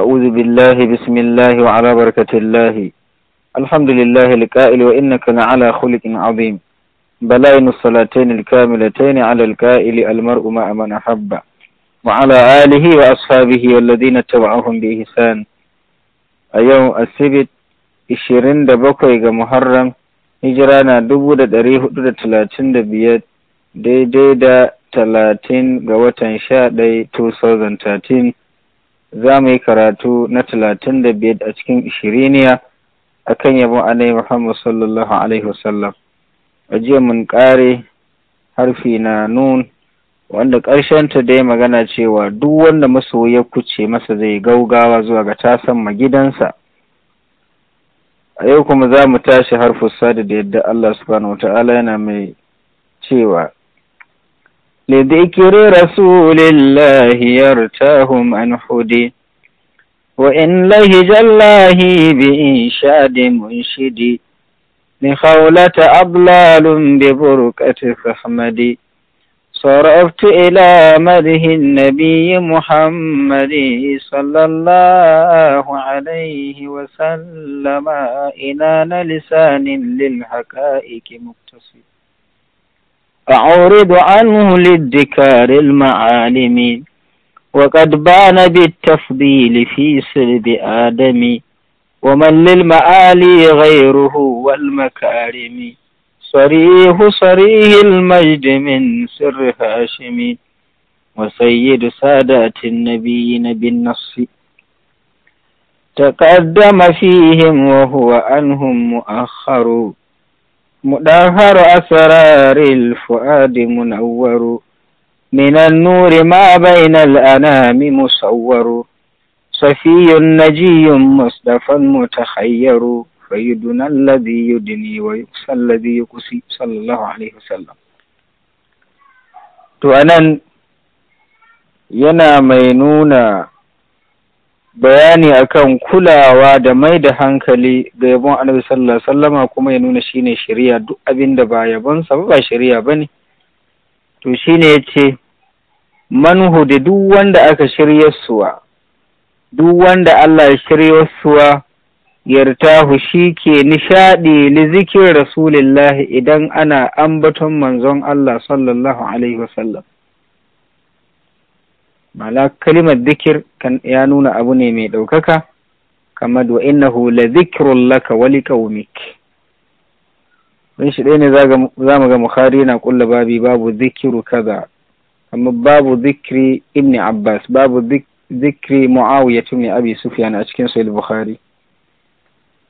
أعوذ بالله بسم الله وعلى بركة الله الحمد لله الكائل وإنك لعلى خلق عظيم بلائن الصلاتين الكاملتين على الكائل المرء مع من أحب وعلى آله وأصحابه والذين اتبعوهم بإحسان أيوم السبت ishirin da bakwai ga Muharram, hijira na dubu da ɗari hudu da talatin da biyar daidai da talatin ga watan sha ɗai 2013 za mu yi karatu na talatin da biyar a cikin ishiriniya a kan yabon anayi Muhammad sallallahu Alaihi wasallam. A jiya mun kare harfi na nun wanda ta dai magana cewa duk wanda maso ya kuce masa zai gaugawa zuwa ga tasan gidansa. A yau kuma za mu tashi harfin sadu da yadda Allah subhanahu ta'ala yana mai cewa لذكر رسول الله يرتاهم حدي وإن لهج الله بإنشاد منشدي لخولة أضلال ببركة فحمدي صرفت إلى مده النبي محمد صلى الله عليه وسلم إنان لسان للحكائك مقتصد أعرض عنه للذكار المعالم وقد بان بالتفضيل في سلب آدم ومن للمآلي غيره والمكارم صريح صريح المجد من سر هاشم وسيد سادات النبيين بالنص تقدم فيهم وهو عنهم مؤخر مدهر أسرار الفؤاد منور من النور ما بين الأنام مصور صفي نجي مصدفا متخير فيدنا الذي يدني ويقسى الذي يقسي صلى الله عليه وسلم تو أنا yana mai bayani akan kulawa da mai da hankali ga yabon annabi sallallahu alaihi wasallama kuma ya nuna shine shari'a duk abin da ba yabon sa ba shari'a bane to shine yace manhu da duk wanda aka shirya suwa duk wanda Allah ya shirya suwa yartahu shi ke nishaɗi li zikin rasulillahi idan ana ambaton manzon Allah sallallahu alaihi wasallam mala kalimar dikir ya nuna abu ne mai ɗaukaka kamar wa innahu la zikrun laka wa liqaumik shi ɗaya ne za mu ga Bukhari na kulla babi babu zikiru kaza amma babu zikri ibn Abbas babu zikri Muawiya ibn Abi Sufyan a cikin Sahih Bukhari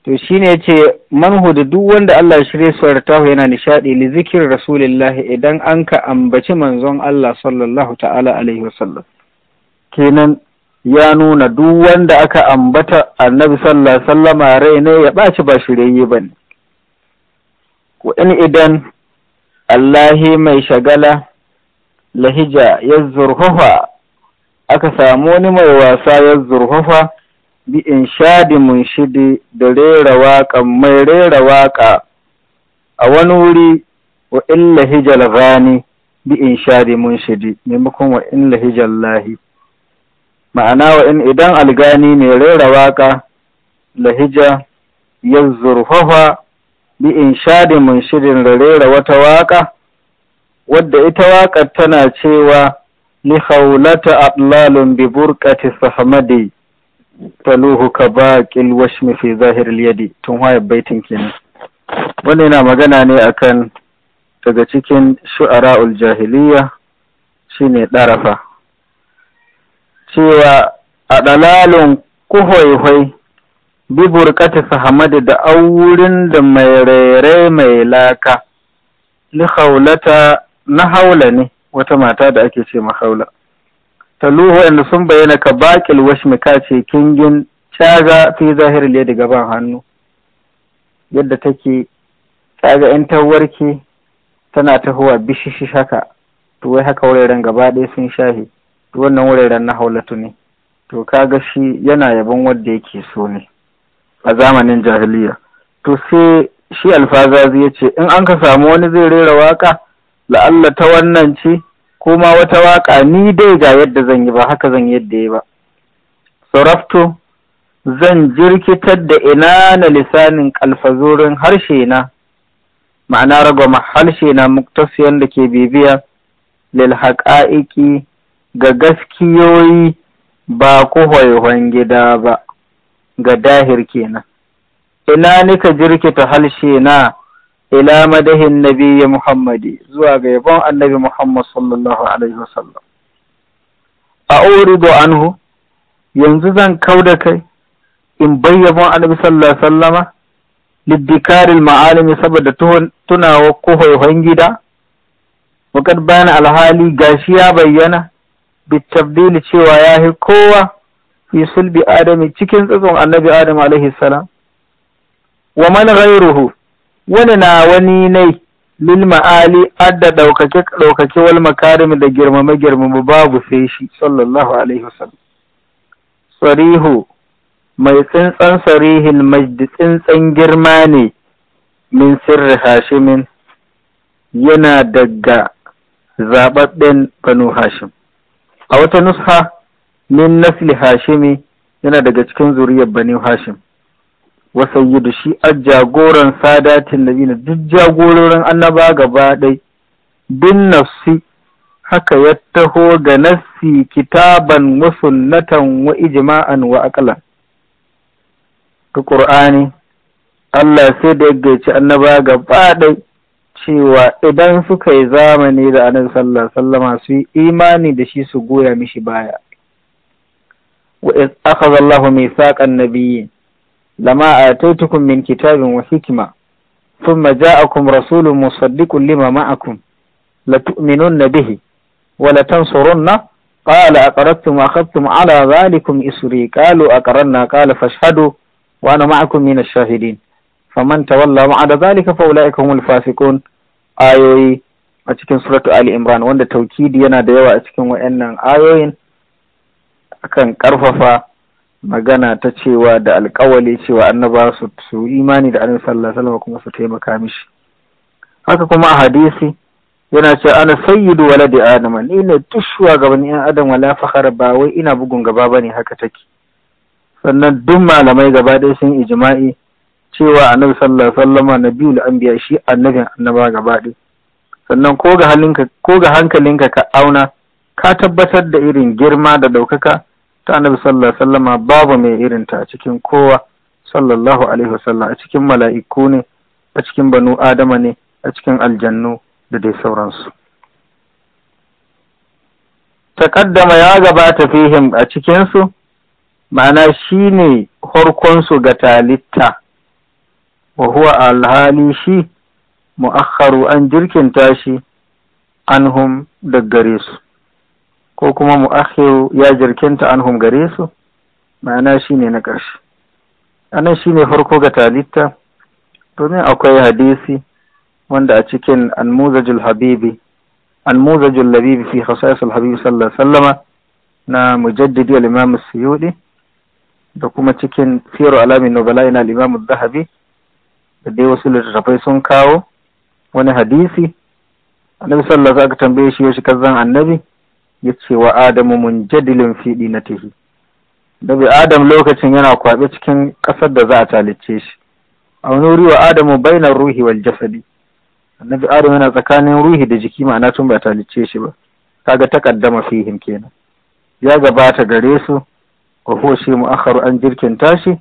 to shine yace manhu da duk wanda Allah shirye su tahu yana nishaɗi, li zikir rasulillahi idan an ka ambaci manzon Allah sallallahu ta'ala alaihi kenan ya nuna duk wanda aka ambata annabi sallallahu sallama rai ne ya ɓaci ba shirye ba ne Ko in idan allahi mai shagala lahija ya aka samu wani mai wasa ya bi in shadi mun shidi da rera waka, mai rera waka. a wani wuri wa in lahijal rani bi in shadi mun shidi maimakon wa in lahijal lahi ma'ana wa in idan algani mai rera waka lahija ya zurfafa bi inshadi shirin rera wata waka wadda ita waƙar tana cewa "Ni khawlata atlalun bi burqati sahmadi taluhu ka baqil washmi fi zahir yadi tun waya baitin kenan wannan yana magana ne akan daga cikin shu'ara'ul jahiliya shine ɗarafa. cewa a dalalin kuhoihoi bi burkata Hamadu da aurin da mai rere mai laka na haula ne wata mata da ake ce mahaula taluhu inda sun bayyana ka bakil ka ce kingin caga fi zahiri ne daga ban hannu yadda take caga in ta warke tana tahowa bishishi haka to wai haka wuraren gaba ɗaya sun shahi wannan wuraren na haulatu ne to ka ga shi yana yabon wanda yake so ne a zamanin jahiliya to sai shi alfazazi ya ce in an ka samu wani zai rera waka la'alla ta wannan ce ko ma wata waka ni dai ga yadda zan yi ba haka zan yadda ya ba sarafto zan jirkitar da ina na lisanin kalfazorin harshe na ma'ana ragwama harshe na muktasiyan da ke bibiya lil haƙa'iƙi ga gaskiyoyi ba ku hoihon gida ba, ga dahir kenan. Ina nika jirkita halshe na ila madahin nabiyyi Muhammadi zuwa ga yabon annabi Muhammad sallallahu Alaihi wasallam. A urido anhu, yanzu zan kau da kai in bayyana annabi sallallahu Alaihi wasallama liddikaril ma'alimi saboda tunawa ko hoihon gida, wakad bayan alhali gashi ya bayyana. bitabdili cewa ya yi kowa fi sulbi adami cikin tsatson annabi adam alaihi salam wa man ghayruhu wani na wani ne lil ma'ali adda daukake daukake wal makarim da girmama girmama babu sai shi sallallahu alaihi wasallam sarihu mai tsintsan sarihil majdi tsintsan girma ne min sirri hashimin yana daga zababben banu hashim a wata nusha min nasli hashimi yana daga cikin zuriyar bani hashim wa sayyidu shi a jagoran sadatin yana duk jagororin annaba gaba ɗai bin nafsi haka ya taho ga nassi kitaban wa sunnatan wa ijma'an wa aqla ta qur'ani Allah sai da ya gaici annaba gaba ɗai cewa idan suka yi zamani da annabi sallallahu sallama su yi imani da shi su goya mishi baya wa iz akhadha Allahu mithaqan nabiyyin lama ataitukum min kitabin wa hikma thumma ja'akum rasulun musaddiqun lima ma'akum latu'minunna bihi wa latansurunna قال أقرضتم وأخذتم isri ذلكم إسري قالوا أقررنا قال فاشهدوا وأنا معكم من shahidin. faman tawalla ma'ada zalika fa ulaika humul fasikun ayoyi a cikin suratu ali imran wanda taukidi yana da yawa a cikin wayannan ayoyin akan karfafa magana ta cewa da alkawali cewa annaba su su imani da annabi sallallahu alaihi kuma su taimaka mishi haka kuma a hadisi yana cewa ana sayyidu waladi adama ni ne duk shugaban yan adam wala fakhara ba wai ina bugun gaba ba ne haka take sannan duk malamai gaba ɗaya sun ijma'i cewa annabi sallallahu alaihi wasallama nabiyul anbiya shi annabin annaba gaba sannan ko ga hankalinka ka auna ka tabbatar da irin girma da daukaka ta annabi sallallahu alaihi babu mai irin ta cikin kowa sallallahu alaihi wasallam a cikin mala'iku ne a cikin banu adama ne a cikin aljannu da dai sauransu takaddama ya gabata fihim a cikinsu ma'ana shi ne horkonsu ga talitta wa huwa alhali shi mu'akharu an jirkinta shi anhum da gare su ko kuma mu'akhiru ya jirkinta anhum gare su ma'ana shi na ƙarshe anan shine farko ga talitta domin akwai hadisi wanda a cikin almuzajul habibi almuzajul labibi fi khasaisul habibi sallallahu sallama na mujaddidi al-imam suyudi da kuma cikin siru alamin nubala ina al zahabi da dai wasu littattafai sun kawo wani hadisi annabi sallallahu alaihi aka tambaye shi yaushe kazan annabi ya ce wa adamu munjadilin fiɗi na tihi dabi adam lokacin yana kwaɓe cikin ƙasar da za a talice shi a wani wuri wa adamu bainar ruhi wal jasadi annabi adam yana tsakanin ruhi da jiki ma'ana tun ba talice shi ba kaga takaddama fihim kenan ya gabata gare su ko huwa shi an jirkin tashi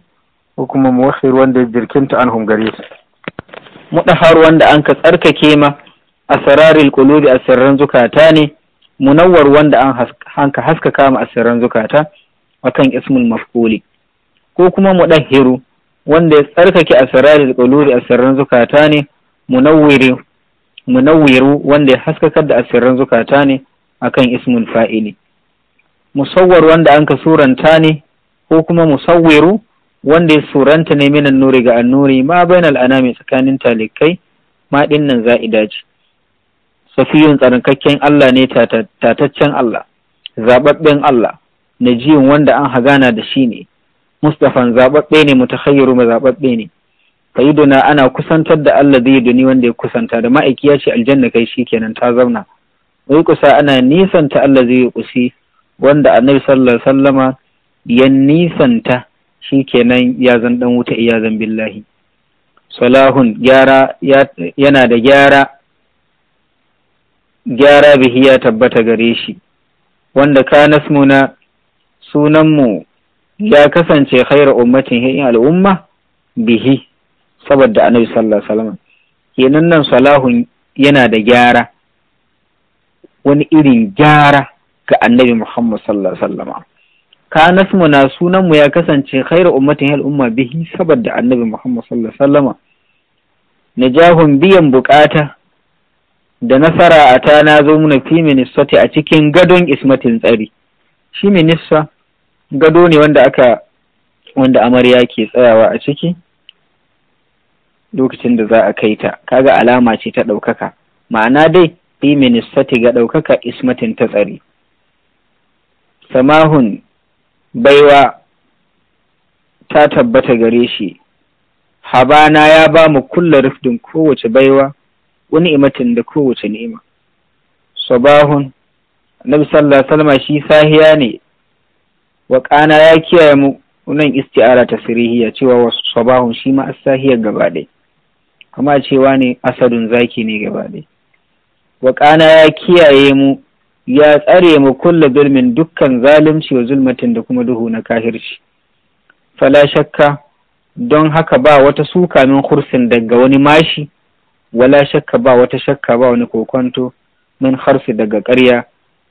ko kuma muwahhir wanda ya jirkinta anhum gare su mudahar wanda an ka tsarkake ma a asrarul a sirran zukata ne munawwar wanda an hanka haskaka ma sirran zukata akan ismul maf'uli ko kuma mu hiru wanda ya tsarkake asrarul a sirran zukata ne mu munawwiru wanda ya haskakar da asirran zukata ne akan ismul fa'ili musawwar wanda an ka suranta ne ko kuma musawwiru wanda ya suranta ne minan nuri ga annuri ma la'ana mai tsakanin talikai ma dinnan za'ida ce safiyun tsarkakken Allah ne tataccen Allah Zaɓaɓɓen Allah najiyin wanda an hagana da shi ne mustafan zababbe ne mutakhayyiru zaɓaɓɓe ne kaiduna ana kusantar da Allah zai duni wanda ya kusanta da ma'aiki ce aljanna kai shi kenan ta zauna wai kusa ana nisanta Allah zai kusi wanda annabi sallallahu alaihi wasallama ya nisanta shi kenan ya zan dan wuta iya zan billahi salahun gyara yana da gyara gyara bihi ya tabbata gare shi wanda ka nasmuna sunanmu ya kasance khaira ummatin hin al'umma bihi saboda annabi sallallahu alaihi wasallam kenan nan salahun yana da gyara wani irin gyara ga annabi muhammad sallallahu alaihi wasallam kana na sunan mu ya kasance khairu ummatin hal umma bihi saboda annabi Muhammad sallallahu alaihi wasallama najahun biyan bukata da nasara a ta na zo muna fi a cikin gadon ismatin tsari shi minista gado ne wanda aka wanda amarya ke tsayawa a ciki lokacin da za a kai ta kaga alama ce ta ɗaukaka ma'ana dai fi ga ɗaukaka ismatin ta tsari samahun baiwa ta tabbata gare shi habana ya ba mu kulla rufdin kowace baiwa wani imatin da kowace ni'ima sabahun na sallallahu alaihi shi sahiya ne wa kana ya kiyaye mu nan isti'ara ta sirihiya cewa wasu sabahun shi ma asahiyar gaba ɗaya kama cewa ne asadun zaki ne gaba ɗaya wa kana ya kiyaye mu ya tsare mu kulla zulmin dukkan zalunci wa zulmatin da kuma duhu na kahirci fala shakka don haka ba wata suka min hursin daga wani mashi wala shakka ba wata shakka ba wani kokonto min harsu daga karya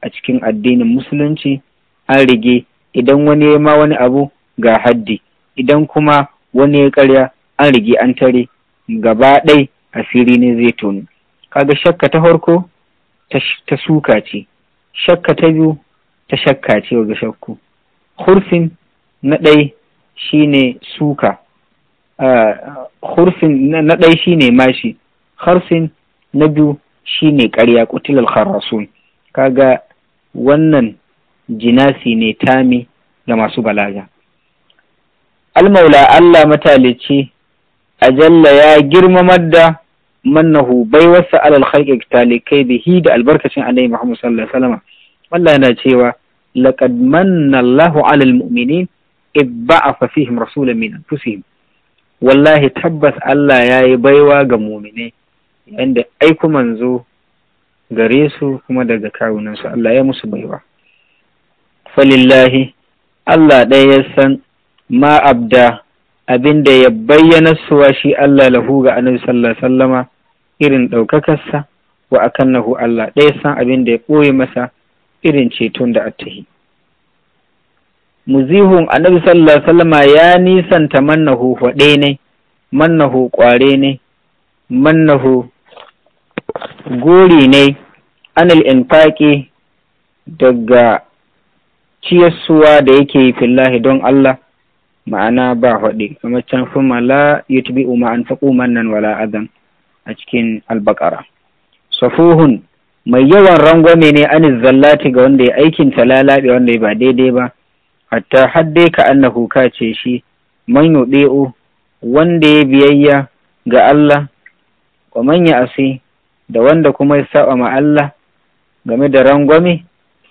a cikin addinin musulunci an rige idan wani ya ma wani abu ga haddi idan kuma wani ya karya an rige an tare gaba ɗai asiri ne zai tonu kaga shakka ta farko ta suka ce shakka ta biyu ta shakka ce ga shakku hurfin na ɗai shine suka ah, hurfin na ɗai shine mashi harfin na biyu shine ƙarya ƙutilar harasun kaga wannan jinasi ne tami ga masu balaga almaula Allah matalici ajalla ya girmamar da mannahu baiwarsa alal khalqi talikai bihi da albarkacin annabi Muhammad sallallahu alaihi wasallam Allah yana cewa laqad manna Allahu alal mu'minin ibba'afa fihim rasulan min anfusihim wallahi tabbas Allah ya yi baiwa ga mu'minai yanda aiko manzo gare su kuma daga kawunansu Allah ya musu baiwa falillahi Allah ɗaya ya san ma abda abin da ya bayyana suwa shi Allah lahu ga annabi sallallahu alaihi sallama irin ɗaukakarsa wa a nahu Allah ɗaya san abin da ya ɓoye masa irin ceton da attahi. Muzihun annabi sallallahu alaihi wasallama ya nisanta mannahu hwaɗe ne, mannahu ƙware ne, mannahu gori ne, anil infaƙi daga ciyassuwa da yake yi fillahi don Allah ma'ana ba hwaɗe, kamar can fi mala umar an faƙo mannan wala adam. a cikin albakara safuhun mai yawan rangwame ne anis zallati ga wanda ya aikin ta lalabe wanda ya ba daidai ba hatta hadde ka annahu ka ce shi man yudi'u wanda ya biyayya ga Allah wa man asi da wanda kuma ya saba ma Allah game da rangwame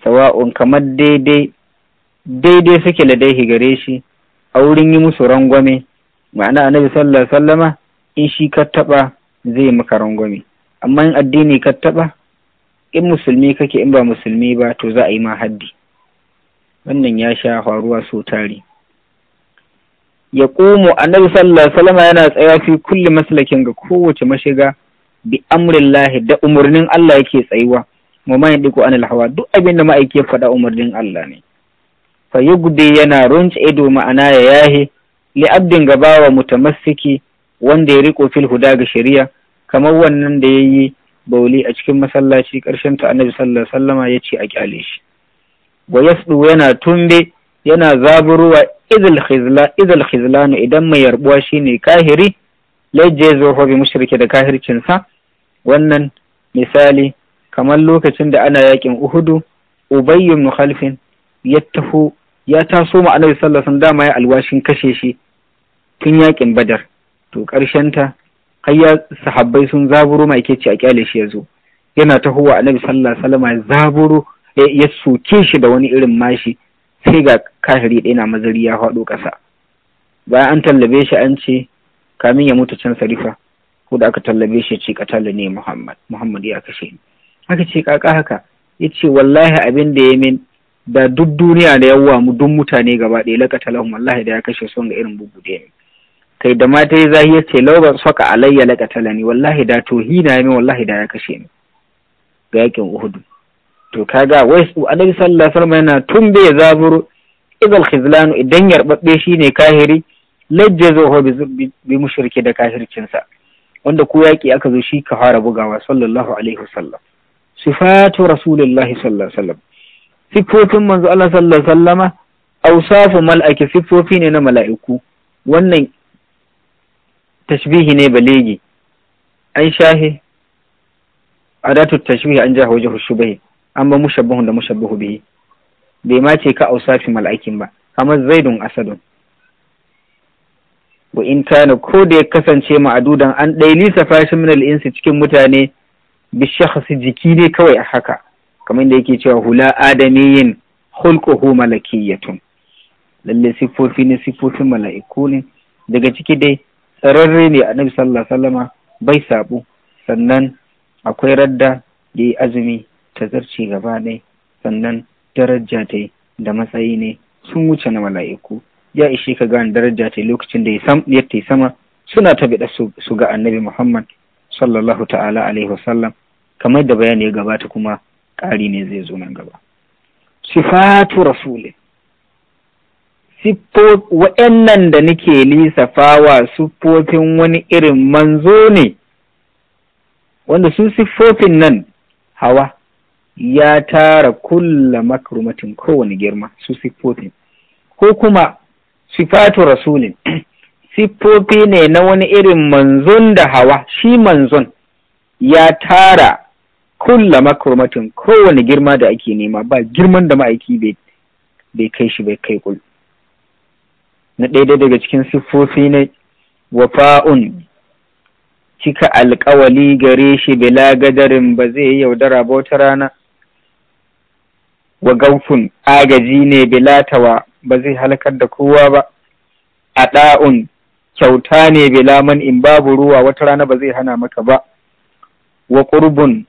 sawa'un kamar daidai daidai suke ladaihi gare shi a wurin yi musu rangwame ma'ana annabi sallallahu alaihi wasallama in shi ka taɓa zai maka rangwame amma in addini ka taɓa in musulmi kake in ba musulmi ba to za a yi ma haddi wannan ya sha faruwa so tari ya komo annabi sallallahu alaihi wasallam yana tsaya fi kulli maslakin ga kowace mashiga bi amrillahi da umarnin Allah yake tsayuwa mu ma yadiku anil hawa duk abin da ma'aiki ya faɗa umarnin Allah ne fa yugdi yana runce ido ma'ana ya yahe li abdin gabawa mutamassiki wanda ya riko fil huda ga shari'a kamar wannan da ya yi bauli a cikin masallaci karshen ta annabi sallallahu alaihi wasallama ya ce a kyale shi wa yasdu yana tumbe yana zaburuwa idil khizla idil khizlanu idan mai yarbuwa shine kahiri lajje zuwa bi mushrike da kahircin sa wannan misali kamar lokacin da ana yakin uhudu ubayy ibn khalfin ya ya taso ma annabi sallallahu alaihi wasallam ya alwashin kashe shi tun yakin badar to ta, har ya sahabbai sun zaburo ma yake ce a kyale shi ya zo yana tahowa annabi sallallahu alaihi wasallam zaburo ya soke shi da wani irin mashi sai ga kahiri ɗaya na mazari ya faɗo ƙasa bayan an tallabe shi an ce kamin ya mutu can sarifa ko da aka tallabe shi ce katalla ne muhammad muhammad ya kashe ni aka ce kaka haka ya ce wallahi abin da ya min da duk duniya da yawa mu duk mutane gaba ɗaya lakata lahum wallahi da ya kashe son ga irin bugu da ya kai da mata ya zahi yace law ban saka alayya talani wallahi da tohina ne wallahi da ya kashe ni ga yakin Uhud to kaga wai annabi sallallahu alaihi wasallam yana tumbe bai zaburo idal khizlan idan yarbabbe shine kahiri lajjazahu hu bi mushriki da kahircinsa wanda ko yaki aka zo shi ka fara bugawa sallallahu alaihi wasallam sifatu rasulullahi sallallahu alaihi wasallam sifofin manzo Allah sallallahu alaihi wasallama awsafu mal'aki sifofi ne na mala'iku wannan tashbihi ne balegi ai shahi adatu tashbihi an jaha wajhu shubahi an ba mushabbahu da mushabbahu bihi bai ma ce ka ausafi mal'aikin ba kamar zaidun asadun wa in kana ko da ya kasance ma'adudan an ɗaya lisa fashin min al-insi cikin mutane bi shakhsi jiki ne kawai a haka kamar da yake cewa hula adamiyin khulquhu malakiyatun lalle sifofi ne sifofin mala'iku ne daga ciki dai tsararre ne Nabi sallallahu sallama bai sabu sannan akwai radda ya yi azumi ta zarce gaba ne sannan daraja ta da matsayi ne sun wuce na mala'iku ya ishe ka gane daraja ta lokacin da ya ta sama suna ta biɗa su ga annabi muhammad sallallahu ta'ala alaihi wasallam kamar da bayani ya gabata kuma ƙari ne zai zo nan gaba sifatu rasulin waɗannan da nake lisafawa siffofin wani irin manzo ne wanda su siffofin nan hawa ya tara kulla makrumatin kowane girma su siffofin ko kuma sifatu rasulin siffofi ne na wani irin manzon da hawa shi manzon ya tara kulla makrumatin kowane girma da ake nema ba girman da ma'aiki bai kai shi bai kai kullum na ɗaya daga cikin siffofi na wafa'un cika alƙawali gare shi bila gadarin ba zai yi yaudara ba wata rana wa gaufun agaji ne bilatawa ba zai halakar da kowa ba a ɗa'un kyauta ne bilaman in babu ruwa wata rana ba zai hana maka ba wa ƙurbun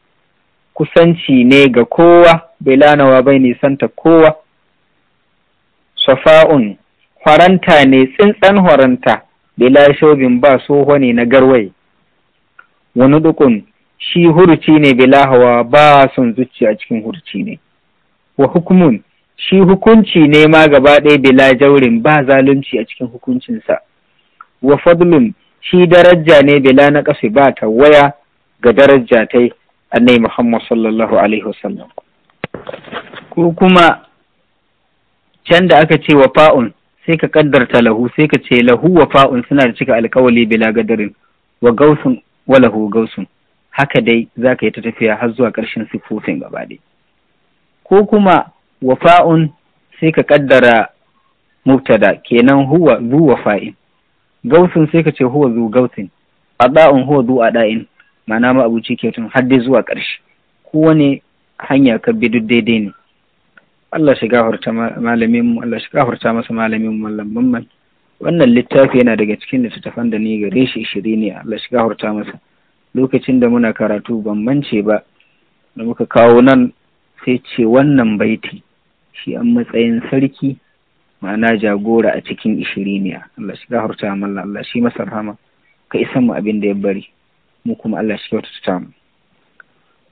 kusanci ne ga kowa bilanawa bai nisanta kowa safa'un Faranta ne tsintsan horanta, bila shobin ba soho ne na garwai. Wani dukun shi hurci ne bila hawa ba son a cikin hurci ne. Wa hukumun shi hukunci ne ma gaba ɗaya bila jaurin ba zalunci a cikin hukuncinsa. Wa fadlun shi daraja ne bila na ƙasa ba ta waya ga daraja ta annai Muhammad sallallahu Alaihi wasallam. Ko kuma can da aka ce wa fa'un sai ka kaddarta lahu sai ka ce lahu wa fa'un suna da cika alkawali bila gadarin wa gausun wa lahu gausun haka dai za ka yi ta tafiya har zuwa ƙarshen siffofin gaba dai ko kuma wa fa'un sai ka kaddara mubtada kenan huwa zu wa fa'in gausun sai ka ce huwa zu gausin ada'un huwa zu ada'in ma'ana ma abuci kyautin har dai zuwa ƙarshe kowane hanya ka bi duk daidai ne Allah shi gafarta malamin mu Allah shi gafarta masa malamin mallam mamman wannan littafi yana daga cikin littattafan da ni gare shi shiri ne Allah shi gafarta masa lokacin da muna karatu ban mance ba da muka kawo nan sai ce wannan baiti shi an matsayin sarki ma'ana jagora a cikin ishiriniya Allah shi gafarta mallam Allah shi masa rahama ka isa mu abin da ya bari mu kuma Allah shi kyautata mu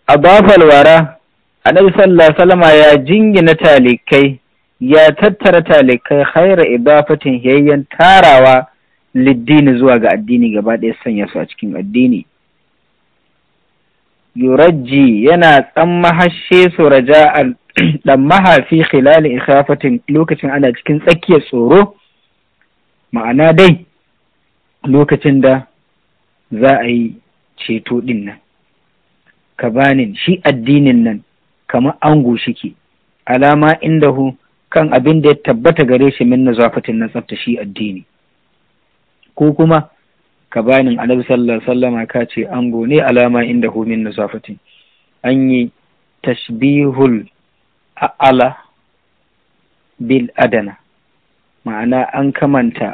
abafal wara annabi sallallahu alaihi wasallama ya jingina talikai ya tattara talikai khaira ibafatin yayyan tarawa liddini zuwa ga addini gaba ɗaya sanya su a cikin addini yurajji yana tsammahashe su al dan mahafi khilali ikhafatin lokacin ana cikin tsakiyar tsoro ma'ana dai lokacin da za a yi ceto din nan bani shi addinin nan kamar ango shike alama indahu kan abin da ya tabbata gare shi min nazafatin na tsafta shi addini ko kuma ka bayanin annabi sallallahu alaihi wasallama ka ce ango ne alama indahu min nazafatin an yi tashbihul a'ala bil adana ma'ana an kamanta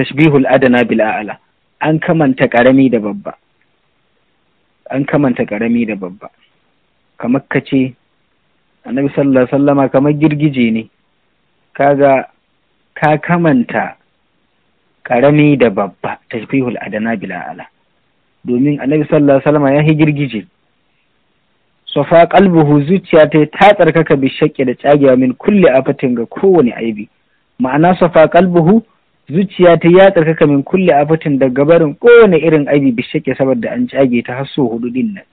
tashbihul adana bil a'ala an kamanta karami da babba an kamanta karami da babba kamar kace annabi sallallahu alaihi wasallama kamar girgije ne kaga ka kamanta karami da babba tashbihul adana bila ala domin annabi sallallahu alaihi wasallama ya yi girgije sofa kalbuhu zuciya ta ta tsarkaka bi shakke da tsagewa min kulli afatin ga kowane aibi ma'ana sofa kalbuhu zuciya ta ya tsarkaka min kulle afatin daga barin kowane irin aibi bishake saboda an cage ta har so hudu din nan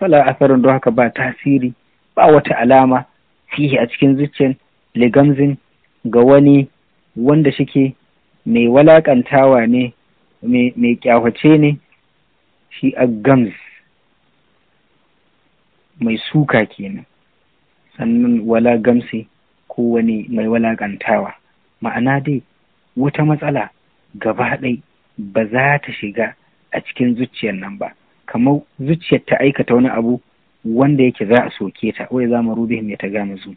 fala asarin don haka ba tasiri ba wata alama fihi a cikin zuciyar ligamzin ga wani wanda shike mai walakantawa ne mai kyawace ne shi a gams mai suka kenan sannan wala gamsi ko wani mai walakantawa ma'ana dai wata matsala gaba ɗai ba za ta shiga a cikin zuciyar nan ba kamar zuciyar ta aikata wani abu wanda yake za a soke ta wai za mu rubihim ya ta gane zu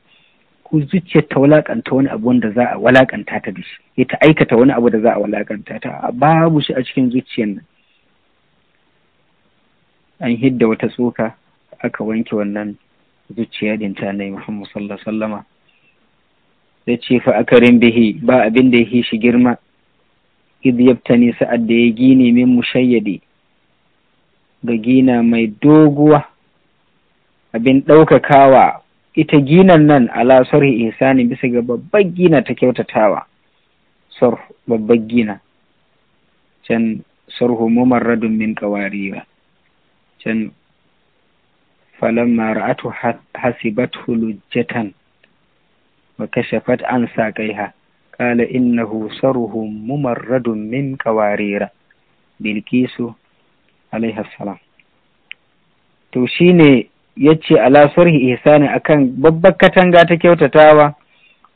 ko zuciyar ta walakanta wani abu wanda za a walakanta ta da shi ya ta aikata wani abu da za a walakanta ta babu shi a cikin zuciyar nan an hidda wata tsoka aka wanke wannan zuciya din ta nai Muhammad sallallahu alaihi ya ce fa akarin bihi ba abin da ya shi girma idh yabtani sa'ad da ya gine min mushayyadi ga gina mai doguwa abin ɗaukakawa ita ginan nan ala sarhi ihsani bisa ga babbar gina ta kyautatawa sar babbar gina can sarhu mumar radun min qawarira can falamma ra'atu hasibathu Ba wa kashafat an sa-kaiha. Kala qala innahu sarhu mumar radun min qawarira bilkisu alaihassalam to shine ce ala sarhi ihsani akan babbar katanga ta kyautatawa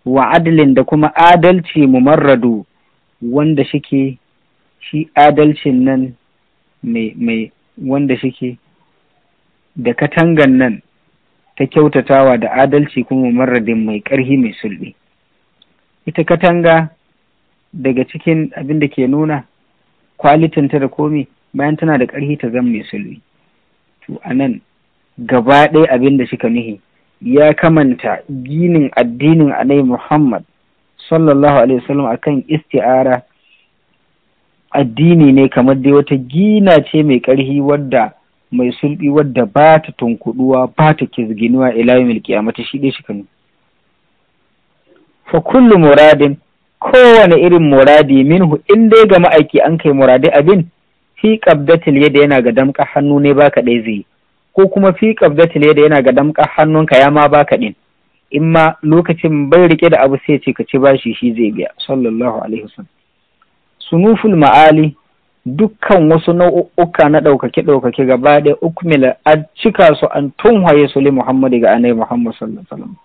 wa adalin da kuma adalci mumarradu wanda shike shi adalcin nan mai mai wanda shike da katangan nan ta kyautatawa da adalci kuma mumarradin mai ƙarhi mai sulbi. ita katanga daga cikin abin da ke nuna kwalitinta da komi bayan tana da ƙarfi ta zama mai sulwi. to anan gaba ɗaya abin da suka nuhi ya kamanta ginin addinin anai muhammad sallallahu alaihi wasallam akan isti'ara addini ne kamar dai wata gina ce mai ƙarfi wadda mai sulbi wadda ba ta tunkuduwa ba ta kizginuwa ila a mata shi shi kanu. fa kullu muradin kowane irin muradi minhu in dai ga ma'aiki an kai muradi abin fi qabdatil yadda yana ga damƙa hannu ne baka ɗaya zai ko kuma fi qabdatil yadda yana ga damƙa hannunka ya ma baka ɗin in ma lokacin bai rike da abu sai ce ka ci bashi shi zai biya sallallahu alaihi wasallam sunuful ma'ali dukkan wasu nau'uka na ɗaukake ɗaukake gaba ɗaya ukmila a cika su an tunhaye su li muhammad ga anai muhammad sallallahu alaihi wasallam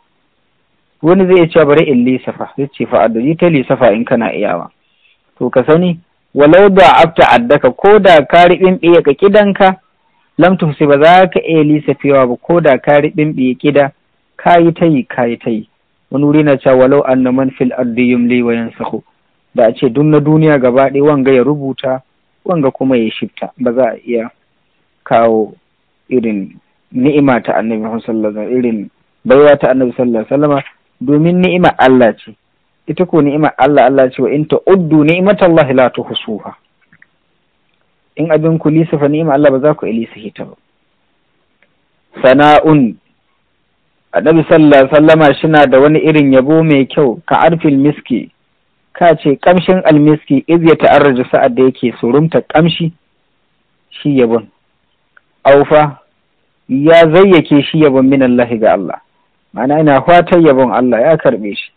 wani zai iya cewa bari in lisafa zai ce fa ta lisafa in kana iyawa to ka sani walau da afta addaka ko da ka ribin biye ka kidanka lam tuhsi ba za ka iya lisafewa ba ko da ka yi ta kida kayi yi kayi tayi wani wuri na cewa walau anna man fil ardi yumli wa da a ce duk na duniya gaba ɗaya wanga ya rubuta wanga kuma ya shifta ba za a iya kawo irin ni'ima ta annabi sallallahu alaihi irin baiwa ta annabi sallallahu alaihi domin ni'ima Allah ce ita ko ni'imar Allah Allah ce wa in ta'uddu ni'matallahi la tuhsuha in abin ku lisafa ni'imar Allah ba za ku ilisa ta ba sana'un annabi sallallahu sallama shina da wani irin yabo mai kyau ka arfil miski ka ce kamshin almiski iz ya ta'arraju sa'ad da yake surumta kamshi shi yabon aufa ya zayyake shi yabon min Allah ga Allah ma'ana ina fatan yabon Allah ya karbe shi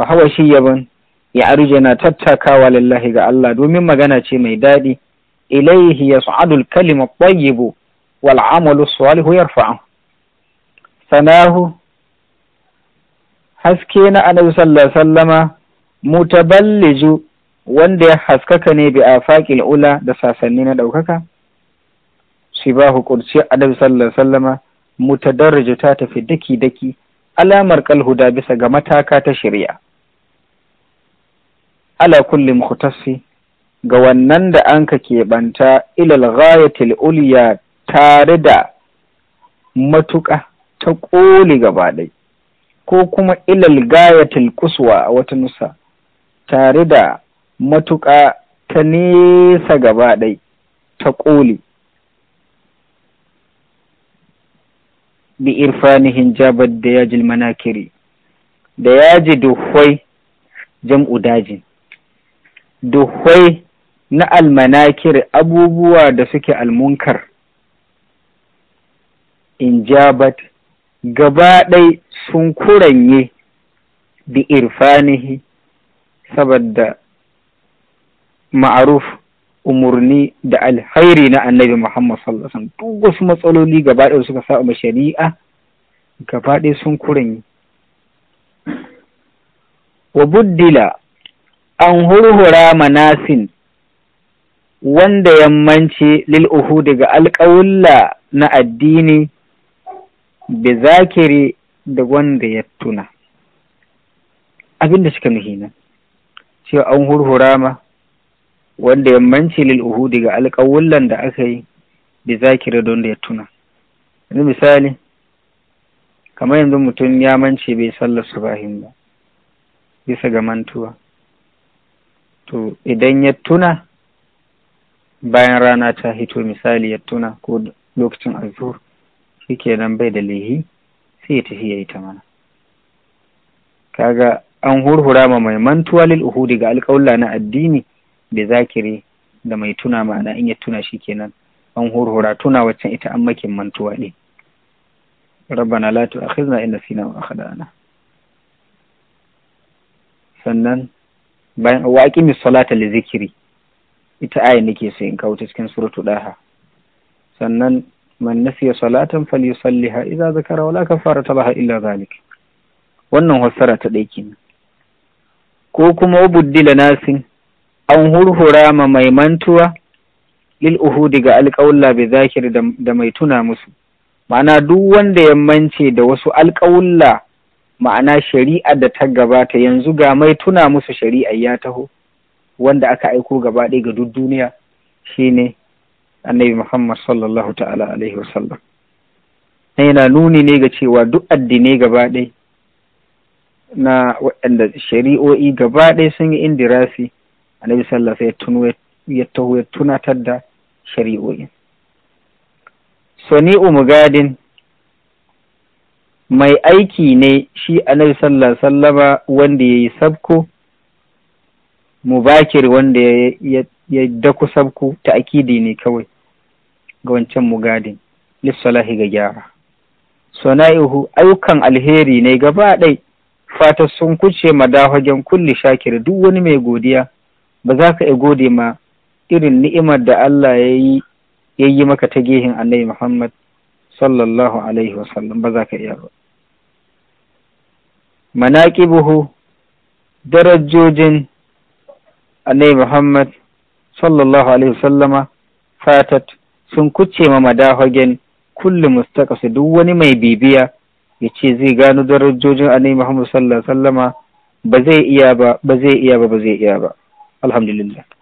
wa hawa shiyabun ya arje na tattakawa lillahi ga Allah domin magana ce mai daɗi ilaihi yas'adu kalima kalimu at wal 'amalu salihu rufa'an sanahu haske na annabi sallallahu alaihi wasallama mutaballiju wanda ya haskaka ne bi afaqil ula da sasanni na daukaka sibahu qudsi annabi sallallahu alaihi wasallama mutadarrija ta tafi daki daki alamar kalhuda bisa ga mataka ta shirya. ala kulli mukhtasi ga wannan da an ka keɓanta ilal ghayatil uliya tare da matuƙa ta ƙoli gaba ɗai ko kuma ilal gayatil kuswa a wata nusa tare da matuƙa ta nesa gaba ɗai ta ƙoli bi irfanihin jabar da yajil manakiri da yaji duhwai jam'u dajin duhwai na almanakir abubuwa da suke almunkar injabat gaba ɗai sun kuranye bi irfanihi saboda ma'aruf umarni da alhairi na annabi Muhammad sallallahu alaihi wasallam duk wasu matsaloli gaba ɗaya suka sa ma shari'a gaba ɗaya sun kuranye wa buddila an hurhura manasin wanda yammanci lil uhu daga alƙawulla na addini bi zakiri da wanda ya tuna Abinda suka nuhi nan cewa an hurhura ma wanda yammanci lil uhu daga alƙawullan da aka yi bi zakiri da wanda ya tuna yanzu misali kamar yanzu mutum ya mance bai sallar subahin ba bisa ga mantuwa to idan ya tuna bayan rana ta hito misali ya tuna ko lokacin azur shi kenan bai da lehi sai ya tafi ya yi ta mana kaga an hurhura ma mai mantuwa lil uhudi ga alƙawla na addini da zakire da mai tuna ma'ana in ya tuna shi kenan an hurhura tuna waccan ita an makin mantuwa ne rabbana la tu'akhizna in nasina wa akhdana sannan bayan wa aqimi salata li zikri ita ayin nake sai in kawo cikin suratu daha sannan man nasiya salatan falyusalliha idza zakara wala kafara talaha illa zalik wannan fassara ta dai kin ko kuma buddila nasin an hurhura ma mai mantuwa lil uhudi ga alƙawulla bai zakir da mai tuna musu ma'ana duk wanda ya mance da wasu alƙawulla ma'ana shari'ar da ta gabata yanzu ga mai tuna musu shari'a ya taho wanda aka aiko gaba ɗaya ga duk duniya shine annabi Muhammad sallallahu ta'ala alaihi wasallam yana nuni ne ga cewa duk addinai gaba ɗaya na waɗanda shari'o'i gaba ɗaya sun yi indirasi annabi sallallahu ya tuno ya taho ya tunatar da shari'o'i sani umugadin mai aiki ne shi annabi sallallahu sallama wanda ya yi sabko mubakir wanda ya daku sabko ta akidi ne kawai ga wancan mugadin lissalahi ga gyara sana'ihu ayyukan alheri ne gaba ɗai fata sun kuce madahagen kulli shakir duk wani mai godiya ba za ka gode ma irin ni'imar da Allah ya yi maka ta gehin annabi Muhammad sallallahu alaihi wasallam ba za ka iya ba manaƙibuhu darajojin annabi Muhammad sallallahu alaihi wasallama fatat sun kuce ma madahagen kulli mustaƙasa duk wani mai bibiya ya ce zai gano darajojin annabi Muhammad sallallahu alaihi wasallama ba zai iya ba ba zai iya ba ba zai iya ba alhamdulillah